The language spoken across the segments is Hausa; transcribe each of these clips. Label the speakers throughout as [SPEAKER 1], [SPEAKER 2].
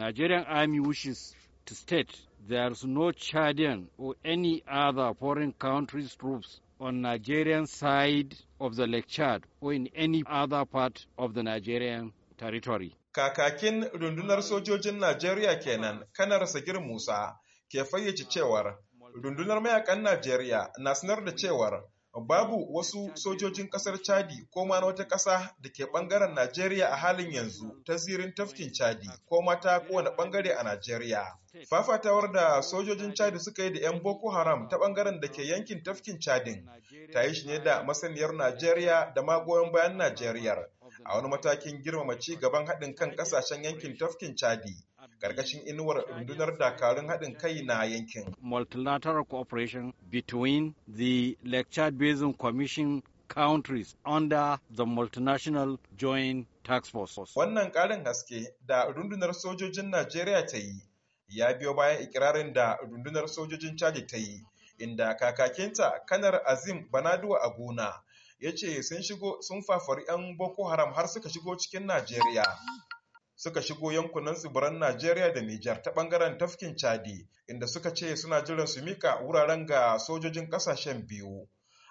[SPEAKER 1] Nigerian Army wishes to state there is no Chadian or any other foreign country's troops on Nigerian side of the Lake Chad or in any other part of the Nigerian territory. Kakakin rundunar sojojin Najeriya kenan kanar Sagir Musa ke fayyace cewar rundunar mayakan Najeriya na sanar da cewar Babu wasu sojojin kasar Chadi ko ma wata ƙasa da ke ɓangaren Najeriya a halin yanzu ta zirin tafkin Chadi ko ma ta kowane ɓangare a Najeriya. Fafatawar da sojojin Chadi suka yi da 'yan Boko Haram ta ɓangaren da ke yankin tafkin Chadin ta yi shi ne da masaniyar Najeriya da magoyan bayan Najeriyar a wani matakin girmama ci gaban haɗin kan ƙasashen yankin tafkin Chadi. karkashin inuwar rundunar dakarun haɗin kai na yankin. Multilateral cooperation between the Lake Chad Basin Commission countries under the multinational joint tax force. Wannan ƙarin haske da rundunar sojojin Najeriya ta yi ya biyo bayan ikirarin da rundunar sojojin Chad ta yi inda kakakinta kanar Azim Banaduwa Aguna ya ce sun shigo sun fafari 'yan Boko Haram har suka shigo cikin Najeriya. suka shigo yankunan tsibiran Najeriya da Nijar ta bangaren tafkin Chadi inda suka ce suna jiran su mika wuraren ga sojojin kasashen biyu.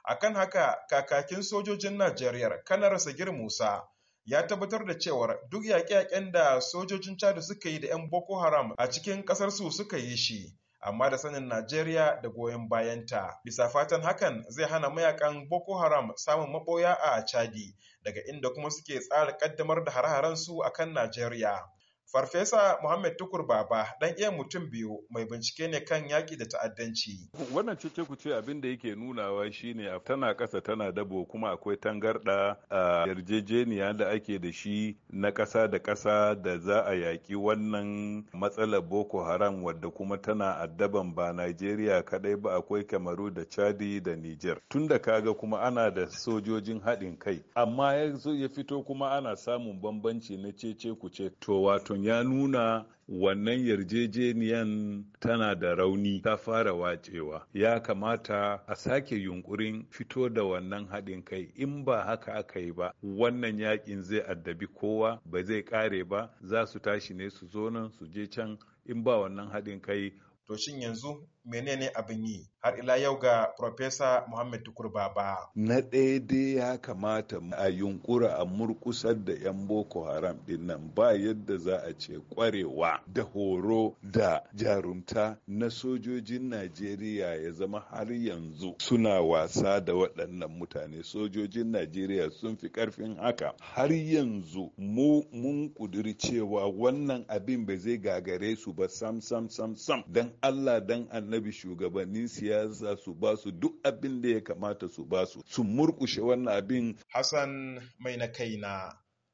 [SPEAKER 1] Akan haka kakakin sojojin Najeriya kanar Sagir Musa ya tabbatar da cewar duk yaƙe-yaƙen da sojojin Chadi suka yi da 'yan Boko Haram a cikin ƙasar su suka yi shi amma da sanin Najeriya da goyon bayanta. Bisa fatan hakan zai hana mayakan Boko Haram samun maboya a Chadi daga inda kuma suke tsara kaddamar da hare-haren su akan Najeriya. Farfesa Muhammad Tukur Baba ɗan iya mutum biyu mai bincike ne kan yaƙi da ta'addanci. Wannan cece
[SPEAKER 2] ku ce abin da yake nunawa shine tana ƙasa tana dabo kuma akwai tangarɗa a yarjejeniya da ake da shi na ƙasa da ƙasa da za a yaƙi wannan matsalar Boko Haram wadda kuma tana addaban ba Najeriya kaɗai ba akwai Kamaru da Chadi da Niger. Tunda kaga kuma ana da sojojin haɗin kai amma ya fito kuma ana samun bambanci na cece ku ce to wato ya nuna wannan yarjejeniyan tana da rauni ta fara wacewa ya kamata a sake yunkurin fito da wannan haɗin kai in ba haka aka yi ba wannan yakin zai addabi kowa ba zai ƙare ba za su tashi ne su zo nan su
[SPEAKER 1] je can in ba wannan haɗin kai to shin yanzu menene abin yi har ila yau ga Profesa Muhammad Tukur Baba.
[SPEAKER 2] Na ɗaya dai ya kamata a yunkura a murkusar da 'yan Boko Haram ɗin nan ba yadda za a ce ƙwarewa da horo da jarumta na sojojin Najeriya ya zama har yanzu suna wasa da waɗannan mutane sojojin Najeriya sun fi ƙarfin haka har yanzu mu mun ƙudiri cewa wannan abin ba zai gagare su ba sam sam sam sam dan Allah dan annabi shugabannin siyasa
[SPEAKER 1] su basu duk abin da ya kamata su basu, su su murkushe wannan abin Hassan mai na kaina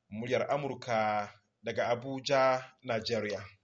[SPEAKER 1] muryar Amurka daga Abuja Nigeria